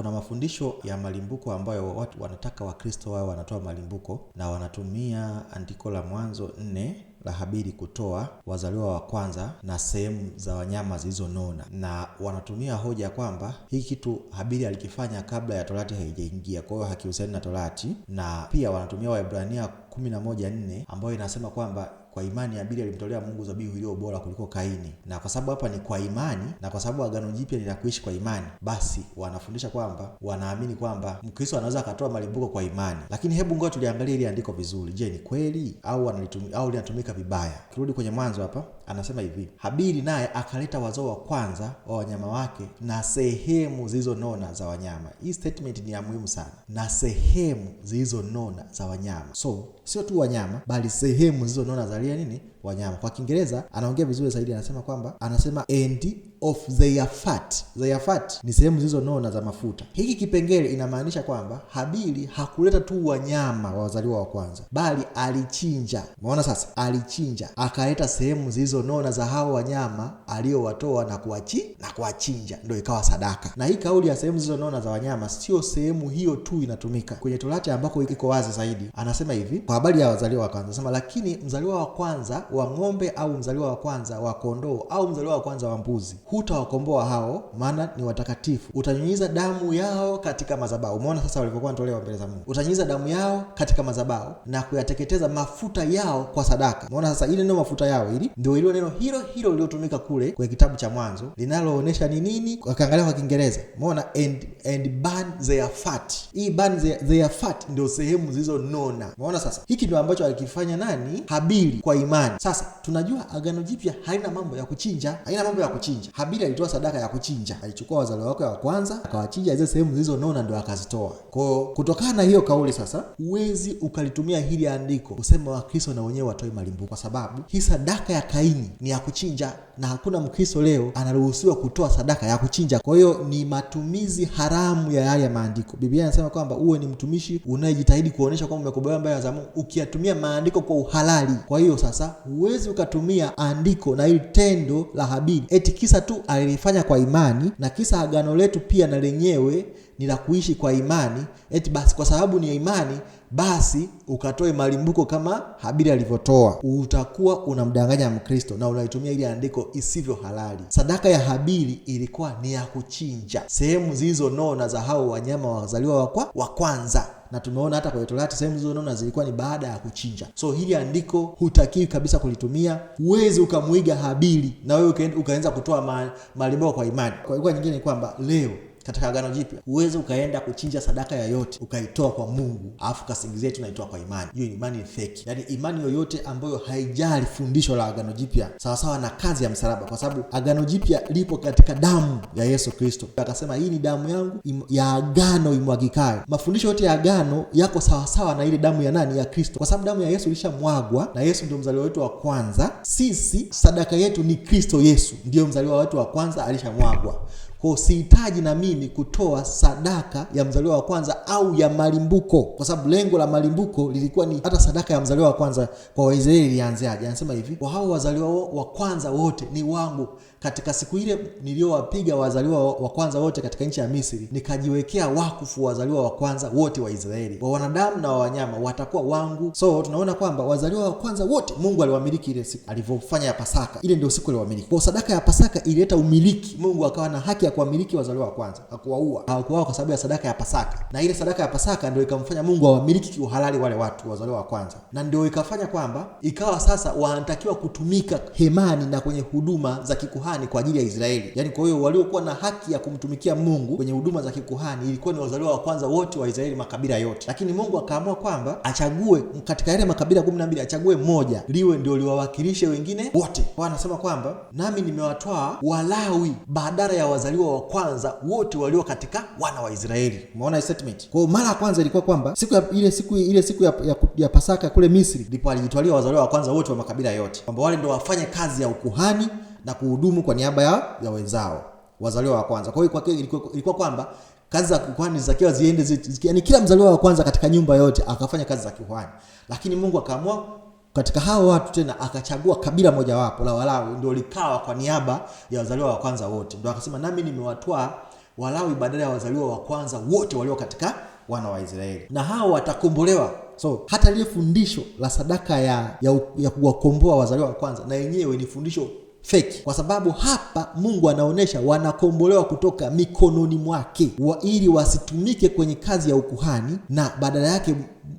kuna mafundisho ya malimbuko ambayo watu wanataka Wakristo wao wanatoa malimbuko na wanatumia andiko la Mwanzo nne la Habili kutoa wazaliwa wa kwanza na sehemu za wanyama zilizonona, na wanatumia hoja kwamba hii kitu Habili alikifanya kabla ya Torati haijaingia, kwa hiyo hakihusiani na Torati, na pia wanatumia Waebrania 11:4 ambayo inasema kwamba kwa imani Abeli alimtolea Mungu dhabihu iliyo bora kuliko Kaini, na kwa sababu hapa ni kwa imani na kwa sababu agano jipya ni la kuishi kwa imani, basi wanafundisha kwamba wanaamini kwamba Mkristo anaweza akatoa malimbuko kwa imani. Lakini hebu ngoja tuliangalia ili andiko vizuri. Je, ni kweli au au linatumika vibaya? Kirudi kwenye mwanzo hapa, anasema hivi, Habili naye akaleta wazao wa kwanza wa wanyama wake na sehemu zilizonona za wanyama. Hii statement ni ya muhimu sana, na sehemu zilizonona za wanyama so sio tu wanyama, bali sehemu zilizonona zalia nini wanyama. Kwa Kiingereza anaongea vizuri zaidi, anasema kwamba anasema and of Zayafat. Zayafat ni sehemu zilizonona za mafuta. Hiki kipengele inamaanisha kwamba Habili hakuleta tu wanyama wa wazaliwa wa kwanza, bali alichinja. Umeona sasa, alichinja akaleta sehemu zilizonona za hao wanyama aliyowatoa na kuachi na kuwachinja, ndio ikawa sadaka. Na hii kauli ya sehemu zilizonona za wanyama, sio sehemu hiyo tu inatumika kwenye Torati ambako iko wazi zaidi. Anasema hivi kwa habari ya wazaliwa wa kwanza, anasema lakini mzaliwa wa kwanza wa ng'ombe au mzaliwa wa kwanza wa kondoo au mzaliwa wa kwanza wa mbuzi hutawakomboa hao, maana ni watakatifu. Utanyunyiza damu yao katika madhabahu. Umeona sasa walivyokuwa wanatolewa mbele za Mungu. Utanyunyiza damu yao katika madhabahu na kuyateketeza mafuta yao kwa sadaka. Umeona sasa, ile neno mafuta yao, ili ndio ilio neno hilo hilo liliotumika kule kwenye kitabu cha Mwanzo linaloonyesha ni nini, wakaangalia kwa Kiingereza. Umeona, and and burn their fat. Hii burn their, fat ndio sehemu zilizonona. Umeona sasa, hiki ndio ambacho alikifanya nani? Habili kwa imani. Sasa tunajua Agano Jipya halina mambo ya kuchinja, haina mambo ya kuchinja Habili alitoa sadaka ya kuchinja, alichukua wazaliwa wake wa kwanza akawachinja zile sehemu zilizonona ndio akazitoa kwao. Kutokana na hiyo kauli sasa, huwezi ukalitumia hili andiko kusema Wakristo na wenyewe watoe malimbuko, kwa sababu hii sadaka ya Kaini ni ya kuchinja na hakuna Mkristo leo anaruhusiwa kutoa sadaka ya kuchinja. Kwa hiyo ni matumizi haramu ya yale maandiko. Biblia inasema kwamba uwe ni mtumishi unayejitahidi kuonyesha kwamba umekubaliwa mbele za Mungu ukiyatumia maandiko kwa uhalali. Kwa hiyo sasa huwezi ukatumia andiko na hili tendo la Habili eti kisa tu alilifanya kwa imani, na kisa agano letu pia na lenyewe ni la kuishi kwa imani, eti basi kwa sababu ni imani basi ukatoe malimbuko kama Habili alivyotoa, utakuwa unamdanganya Mkristo na unaitumia ile andiko isivyo halali. Sadaka ya Habili ilikuwa ni ya kuchinja sehemu zilizonona za hao wanyama wazaliwa wa kwanza na tumeona hata kwenye Torati sehemu hizo unaona zilikuwa ni baada ya kuchinja. So hili andiko hutakiwi kabisa kulitumia. Huwezi ukamwiga Habili na wewe ukaanza kutoa malimbao kwa imani. Kwa hiyo nyingine ni kwamba leo katika Agano Jipya, uweze ukaenda kuchinja sadaka yoyote ukaitoa kwa Mungu alafu kasingizia naitoa kwa imani. Hiyo imani ni feki, yaani imani yoyote ambayo haijali fundisho la Agano Jipya sawasawa na kazi ya msalaba, kwa sababu Agano Jipya lipo katika damu ya Yesu Kristo. Akasema hii ni damu yangu ya agano imwagikayo. Mafundisho yote ya agano yako sawasawa na ile damu ya nani? Ya Kristo, kwa sababu damu ya Yesu ilishamwagwa na Yesu ndio mzaliwa wetu wa kwanza. Sisi sadaka yetu ni Kristo Yesu, ndiyo mzaliwa wetu wa kwanza, alishamwagwa kwa sihitaji na mimi kutoa sadaka ya mzaliwa wa kwanza au ya malimbuko, kwa sababu lengo la malimbuko lilikuwa ni hata sadaka ya mzaliwa wa kwanza kwa Waisraeli ilianzaje? Anasema hivi, kwa hao wazaliwa wa kwanza wote ni wangu katika siku ile niliyowapiga wazaliwa wa kwanza wote katika nchi ya Misri, nikajiwekea wakufu wazaliwa wa kwanza wote wa Israeli, wa wanadamu na wa wanyama watakuwa wangu. So tunaona kwamba wazaliwa wa kwanza wote Mungu aliwamiliki ile siku alivyofanya ya Pasaka. Ile ndio siku aliwamiliki kwa sadaka ya Pasaka, ilileta umiliki. Mungu akawa na haki ya kuwamiliki wazaliwa wa kwanza, hakuwaua, hawakuwaua kwa sababu ya sadaka ya Pasaka, na ile sadaka ya Pasaka ndio ikamfanya Mungu awamiliki kiuhalali wale watu wazaliwa wa kwanza, na ndio ikafanya kwamba ikawa sasa wanatakiwa kutumika hemani na kwenye huduma za kikuhani kikuhani kwa ajili ya Israeli. Yaani, kwa hiyo waliokuwa na haki ya kumtumikia Mungu kwenye huduma za kikuhani ilikuwa ni wazaliwa wa kwanza wote wa Israeli, makabila yote, lakini Mungu akaamua kwamba achague katika yale makabila 12 achague moja liwe ndio liwawakilishe wengine wote. Kwa anasema kwamba nami nimewatwaa Walawi badala ya wazaliwa wa kwanza wote walio katika wana wa Israeli. Umeona statement Kwa Mara ya kwanza ilikuwa kwamba siku ya ile siku ile siku ya, ya, ya Pasaka kule Misri ndipo alijitwalia wazaliwa wa kwanza wote wa makabila yote, kwamba wale ndio wafanye kazi ya ukuhani na kuhudumu kwa niaba ya, ya wenzao wazaliwa wa kwanza. Kwa hiyo kwake ilikuwa, ilikuwa kwamba kazi za kuhani zikiwa ziende zi, yani kila mzaliwa wa kwanza katika nyumba yote akafanya kazi za kuhani lakini Mungu akaamua katika hao watu tena akachagua kabila moja wapo la Walawi ndio likawa kwa niaba ya wazaliwa wa kwanza wote, ndio akasema nami nimewatoa Walawi badala ya wazaliwa wa kwanza wote walio katika wana wa Israeli, na hao watakombolewa. So hata lile fundisho la sadaka ya, ya, ya kuwakomboa wazaliwa wa kwanza na yenyewe ni fundisho feki, kwa sababu hapa Mungu anaonyesha wanakombolewa kutoka mikononi mwake, ili wasitumike kwenye kazi ya ukuhani na badala yake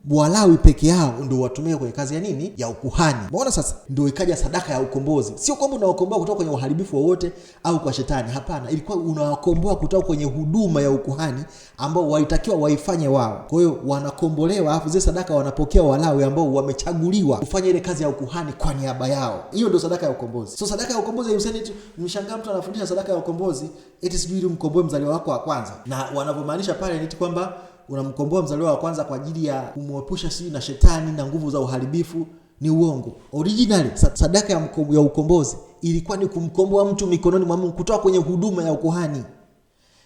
Walawi peke yao ndio watumike kwenye kazi ya nini, ya ukuhani. Maona sasa, ndio ikaja sadaka ya ukombozi. Sio kwamba unawakomboa kutoka kwenye uharibifu wowote au kwa shetani, hapana, ilikuwa unawakomboa kutoka kwenye huduma ya ukuhani ambao walitakiwa waifanye wao. Kwa hiyo wanakombolewa, alafu zile sadaka wanapokea Walawi ambao wamechaguliwa kufanya ile kazi ya ukuhani kwa niaba yao. Hiyo ndio sadaka ya ukombozi. So sadaka ya ukombozi eti mshangaa mtu anafundisha sadaka ya ukombozi eti sijui ili mkomboe mzaliwa wako wa kwanza, na wanavyomaanisha pale ni kwamba unamkomboa mzaliwa wa kwanza kwa ajili ya kumwepusha sijui na shetani na nguvu za uharibifu ni uongo. Originally sadaka ya, ya ukombozi ilikuwa ni kumkomboa mtu mikononi mwa Mungu kutoka kwenye huduma ya ukuhani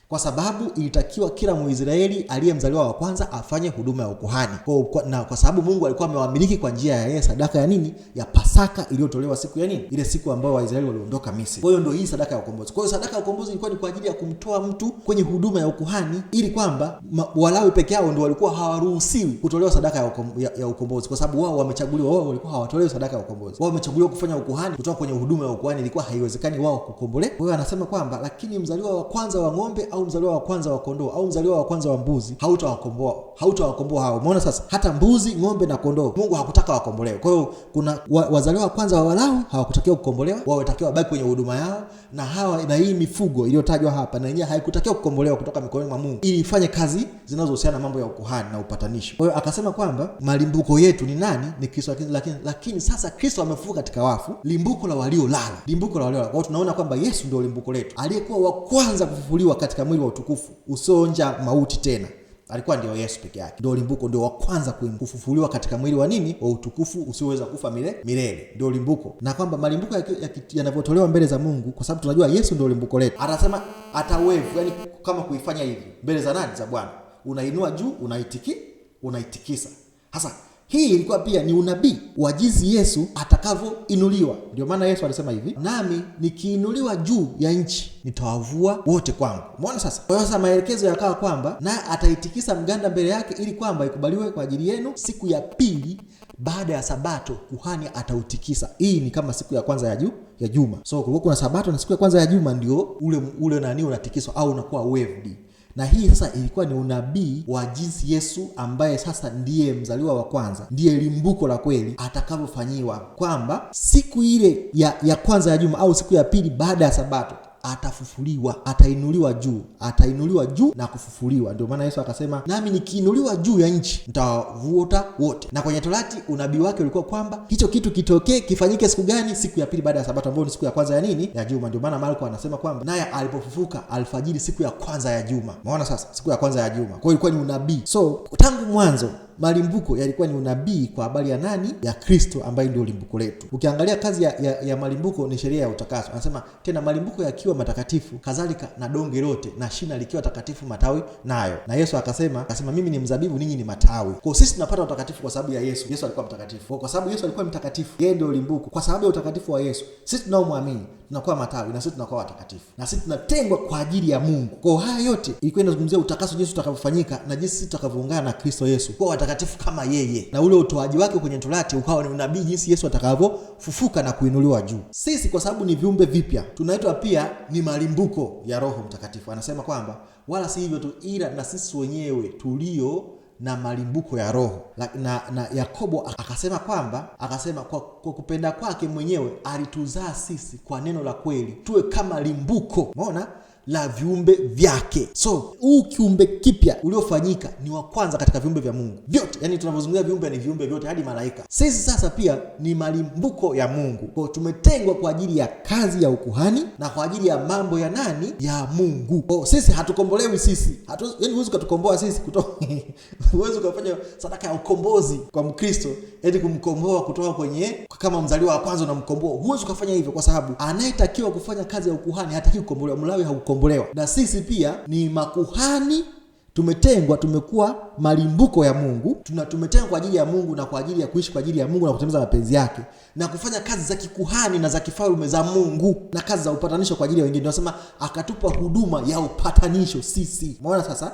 kwa sababu ilitakiwa kila Mwisraeli aliyemzaliwa wa kwanza afanye huduma ya ukuhani kwa, na kwa sababu Mungu alikuwa amewamiliki kwa njia ya yeye sadaka ya nini ya Pasaka iliyotolewa siku ya nini, ile siku ambayo Waisraeli waliondoka Misri. Kwa hiyo ndio hii sadaka ya ukombozi. Kwa hiyo sadaka ya ukombozi ilikuwa ni kwa ajili ya kumtoa mtu kwenye huduma ya ukuhani, ili kwamba Walawi peke yao ndio walikuwa hawaruhusiwi kutolewa sadaka ya, ya, ya ukombozi, kwa sababu wao wamechaguliwa. Wao walikuwa hawatolewi sadaka ya ukombozi, wao wamechaguliwa kufanya ukuhani, kutoka kwenye huduma ya ukuhani. Ilikuwa haiwezekani wao kukombole Kwa hiyo anasema kwamba, lakini mzaliwa wa kwanza wa ng'ombe au mzaliwa wa kwanza wa kondoo au mzaliwa wa kwanza wa mbuzi hautawakomboa hautawakomboa hao. Umeona sasa, hata mbuzi, ng'ombe na kondoo Mungu hakutaka wakombolewe. Kwa hiyo kuna wa, wazaliwa wa kwanza wa Walawi hawakutakiwa kukombolewa, watakiwa wabaki kwenye huduma yao, na hawa na hii mifugo iliyotajwa hapa na yenyewe haikutakiwa kukombolewa kutoka mikononi mwa Mungu ili ifanye kazi zinazohusiana na mambo ya ukuhani na upatanisho. Kwa hiyo akasema kwamba malimbuko yetu ni nani? Ni Kristo. Lakini, lakini, lakini sasa Kristo amefufuka katika wafu, limbuko la waliolala, limbuko la waliolala. Kwa hiyo tunaona kwamba Yesu ndio limbuko letu aliyekuwa wa kwanza kufufuliwa katika mwili wa utukufu usionja mauti tena alikuwa ndio Yesu peke yake, ndio limbuko, ndio wa kwanza kufufuliwa katika mwili wa nini, wa utukufu usioweza kufa mile, milele, ndio limbuko. Na kwamba malimbuko yanavyotolewa ya, ya mbele za Mungu, kwa sababu tunajua Yesu ndio limbuko letu. Atasema atawevu, yani kama kuifanya hivi mbele za nani, za Bwana, unainua juu, unaitiki, unaitikisa hasa hii ilikuwa pia ni unabii wa jinsi Yesu atakavyoinuliwa. Ndio maana Yesu alisema hivi, nami nikiinuliwa juu ya nchi nitawavua wote kwangu. Umeona sasa? Kwa hiyo sasa maelekezo yakawa kwamba na ataitikisa mganda mbele yake, ili kwamba ikubaliwe kwa ajili yenu. Siku ya pili baada ya Sabato kuhani atautikisa. Hii ni kama siku ya kwanza ya juu ya juma, so kulikuwa kuna Sabato na siku ya kwanza ya juma ndio ule ule nani unatikiswa au unakuwa waived na hii sasa ilikuwa ni unabii wa jinsi Yesu ambaye sasa ndiye mzaliwa wa kwanza, ndiye limbuko la kweli, atakavyofanyiwa kwamba siku ile ya, ya kwanza ya juma au siku ya pili baada ya Sabato atafufuliwa, atainuliwa juu, atainuliwa juu na kufufuliwa. Ndio maana Yesu akasema, nami nikiinuliwa juu ya nchi nitawavuta wote. Na kwenye Torati unabii wake ulikuwa kwamba hicho kitu kitokee, kifanyike siku gani? Siku ya pili baada ya Sabato, ambayo ni siku ya kwanza ya nini, ya juma. Ndio maana Marko anasema kwamba naye alipofufuka alfajiri siku ya kwanza ya juma. Maona sasa, siku ya kwanza ya juma, kwa hiyo ilikuwa ni unabii. So tangu mwanzo malimbuko yalikuwa ni unabii kwa habari ya nani? Ya Kristo ambaye ndio limbuko letu. Ukiangalia kazi ya, ya, ya malimbuko ni sheria ya utakaso. Anasema tena malimbuko yakiwa matakatifu, kadhalika na donge lote na shina likiwa takatifu, matawi nayo. Na Yesu akasema akasema, mimi ni mzabibu, ninyi ni matawi. Kwa sisi tunapata utakatifu kwa sababu ya Yesu. Yesu alikuwa mtakatifu, kwa, kwa sababu Yesu alikuwa mtakatifu, yeye ndio limbuko. Kwa sababu ya utakatifu wa Yesu sisi tunaomwamini tunakuwa matawi na sisi tunakuwa watakatifu na sisi tunatengwa kwa ajili ya Mungu. Kwa haya yote ilikuwa inazungumzia utakaso, jinsi utakavyofanyika na jinsi sisi tutakavyoungana na Kristo Yesu kwa watakatifu kama yeye, na ule utoaji wake kwenye torati ukawa ni unabii jinsi Yesu atakavyofufuka na kuinuliwa juu. Sisi kwa sababu ni viumbe vipya, tunaitwa pia ni malimbuko ya Roho Mtakatifu. Anasema kwamba wala si hivyo tu, ila na sisi wenyewe tulio na malimbuko ya Roho na, na Yakobo akasema kwamba akasema kwa, kwa kupenda kwake mwenyewe alituzaa sisi kwa neno la kweli, tuwe kama limbuko. Umeona? la viumbe vyake. So huu kiumbe kipya uliofanyika ni wa kwanza katika viumbe vya Mungu vyote, yani tunavyozungumzia viumbe ni viumbe vyote hadi malaika. Sisi sasa pia ni malimbuko ya Mungu, kwa tumetengwa kwa ajili ya kazi ya ukuhani na kwa ajili ya mambo ya nani ya Mungu. Kwa sisi hatukombolewi sisi, hatu yani huwezi ukatukomboa sisi kutoka huwezi ukafanya sadaka ya ukombozi kwa Mkristo eti kumkomboa kutoka kwenye kama mzaliwa wa kwanza unamkomboa, huwezi ukafanya hivyo, kwa sababu anayetakiwa kufanya kazi ya ukuhani hataki kukombolewa. Mlawi hauko tumekombolewa na sisi pia ni makuhani tumetengwa tumekuwa malimbuko ya Mungu, tuna tumetengwa kwa ajili ya Mungu na kwa ajili ya kuishi kwa ajili ya Mungu na kutimiza mapenzi yake na kufanya kazi za kikuhani na za kifalume za Mungu na kazi za upatanisho kwa ajili ya wengine. nasema akatupa huduma ya upatanisho sisi. Umeona sasa?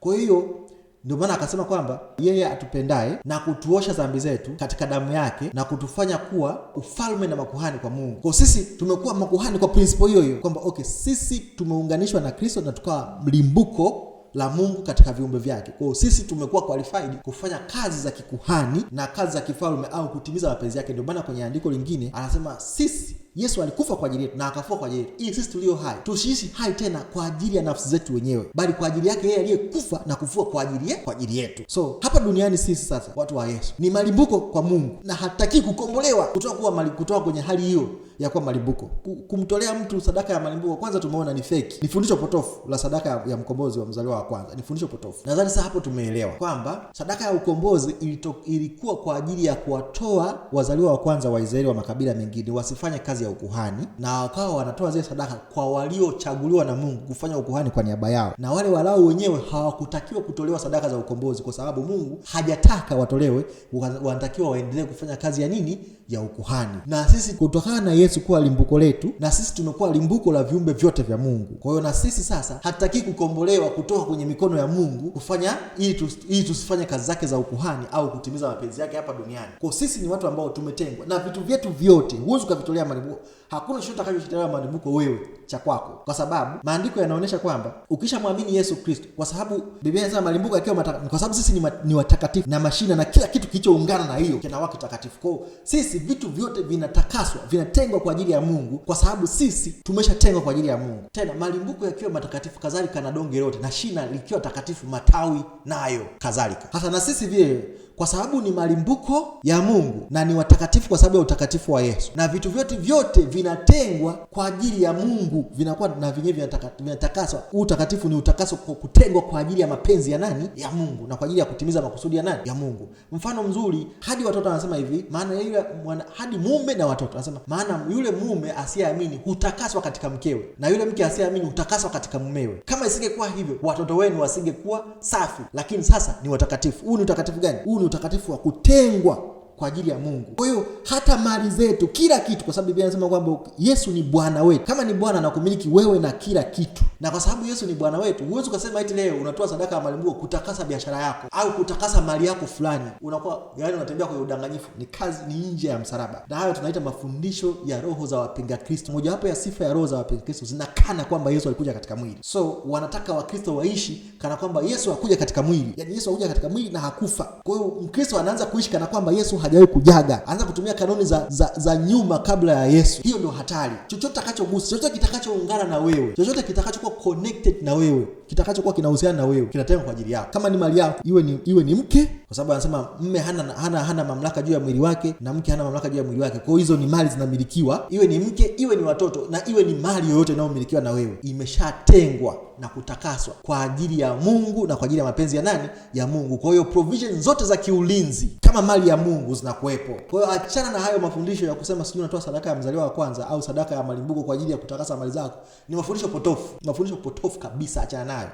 Kwa hiyo ndio maana akasema kwamba yeye atupendaye na kutuosha dhambi zetu katika damu yake na kutufanya kuwa ufalme na makuhani kwa Mungu. Kwa sisi tumekuwa makuhani kwa prinsipo hiyo hiyo kwamba okay, sisi tumeunganishwa na Kristo na tukawa mlimbuko la Mungu katika viumbe vyake. Kwa hiyo sisi tumekuwa qualified kufanya kazi za kikuhani na kazi za kifalme au kutimiza mapenzi yake. Ndio maana kwenye andiko lingine anasema sisi Yesu alikufa kwa ajili yetu na akafua kwa ajili yetu, ili sisi tulio hai tusiishi hai tena kwa ajili ya nafsi zetu wenyewe, bali kwa ajili yake yeye aliyekufa na kufua kwa ajili yetu, kwa ajili yetu. So hapa duniani sisi sasa watu wa Yesu ni malimbuko kwa Mungu na hataki kukombolewa kutoka kuwa kutoka kwenye hali hiyo ya kuwa malimbuko. Kumtolea mtu sadaka ya malimbuko, kwanza tumeona ni feki, ni fundisho potofu la sadaka ya mkombozi wa mzaliwa wa kwanza, ni fundisho potofu. Nadhani sasa hapo tumeelewa kwamba sadaka ya ukombozi ilikuwa kwa ajili ya kuwatoa wazaliwa wa kwanza wa Israeli wa makabila mengine wasifanye kazi ya ukuhani na wakawa wanatoa zile sadaka kwa waliochaguliwa na Mungu kufanya ukuhani kwa niaba yao, na wale walao wenyewe hawakutakiwa kutolewa sadaka za ukombozi kwa sababu Mungu hajataka watolewe, wanatakiwa waendelee kufanya kazi ya nini? Ya ukuhani. Na sisi kutokana na Yesu kuwa limbuko letu, na sisi tumekuwa limbuko la viumbe vyote vya Mungu. Kwa hiyo na sisi sasa hatutaki kukombolewa kutoka kwenye mikono ya Mungu kufanya ili, tusifanye kazi zake za ukuhani au kutimiza mapenzi yake hapa duniani. Kwa sisi ni watu ambao tumetengwa na vitu vyetu vyote, huwezi ukavitolea huko, hakuna chochote utakachochitetea maandiko yako wewe cha kwako, kwa sababu maandiko yanaonyesha kwamba ukishamwamini Yesu Kristo, kwa sababu Biblia inasema malimbuko yakiwa kwa sababu sisi ni, ma, ni watakatifu na mashina na kila kitu kilichoungana na hiyo kinakuwa kitakatifu. Kwa sisi vitu vyote vinatakaswa, vinatengwa kwa ajili ya Mungu, kwa sababu sisi tumeshatengwa kwa ajili ya Mungu. Tena malimbuko yakiwa matakatifu, kadhalika na donge lote na shina likiwa takatifu, matawi nayo kadhalika. hasa na sisi vile kwa sababu ni malimbuko ya Mungu na ni watakatifu kwa sababu ya utakatifu wa Yesu, na vitu vyote vyote vinatengwa kwa ajili ya Mungu, vinakuwa na vyenyewe vinatakaswa. Huu utakatifu ni utakaso kwa kutengwa kwa ajili ya mapenzi ya nani? Ya Mungu, na kwa ajili ya kutimiza makusudi ya nani? Ya Mungu. Mfano mzuri hadi watoto wanasema hivi, maana yule mwana, hadi mume na watoto anasema, maana yule mume asiyeamini hutakaswa katika mkewe na yule mke asiyeamini hutakaswa katika mumewe. Kama isingekuwa hivyo, watoto wenu wasingekuwa safi, lakini sasa ni watakatifu. Huu ni utakatifu gani? Huu utakatifu wa kutengwa kwa ajili ya Mungu. Kwa hiyo hata mali zetu, kila kitu, kwa sababu Biblia inasema kwamba Yesu ni Bwana wetu. Kama ni Bwana anakumiliki wewe na kila kitu, na kwa sababu Yesu ni Bwana wetu, huwezi ukasema eti leo unatoa sadaka ya malimbuo kutakasa biashara yako au kutakasa mali yako fulani. Unakuwa yaani unatembea kwenye udanganyifu, ni kazi, ni nje ya msalaba, na hayo tunaita mafundisho ya roho za wapinga Kristo. Mojawapo ya sifa ya roho za wapinga Kristo zinakana kwamba Yesu alikuja katika mwili, so wanataka Wakristo waishi kana kwamba Yesu hakuja katika mwili, yaani Yesu hakuja katika mwili na hakufa. Kwa hiyo Mkristo anaanza kuishi kana kwamba Yesu haja hajawahi kujaga, anaanza kutumia kanuni za, za za nyuma kabla ya Yesu. Hiyo ndio hatari. Chochote takachogusa, chochote kitakachoungana na wewe, chochote kitakachokuwa connected na wewe, kitakachokuwa kinahusiana na wewe, kinatengwa kwa ajili yako. Kama ni mali yako, iwe ni iwe ni mke, kwa sababu anasema mme hana, hana, hana mamlaka juu ya mwili wake na mke hana mamlaka juu ya mwili wake. Kwa hiyo hizo ni mali zinamilikiwa, iwe ni mke, iwe ni watoto na iwe ni mali yoyote inayomilikiwa na wewe, imeshatengwa na kutakaswa kwa ajili ya Mungu na kwa ajili ya mapenzi ya nani? Ya Mungu. Kwa hiyo provision zote za kiulinzi kama mali ya Mungu zinakuwepo. Kwa hiyo achana na hayo mafundisho ya kusema sijui unatoa sadaka ya mzaliwa wa kwanza au sadaka ya malimbuko kwa ajili ya kutakasa mali zako, ni mafundisho potofu, mafundisho potofu kabisa, achana nayo.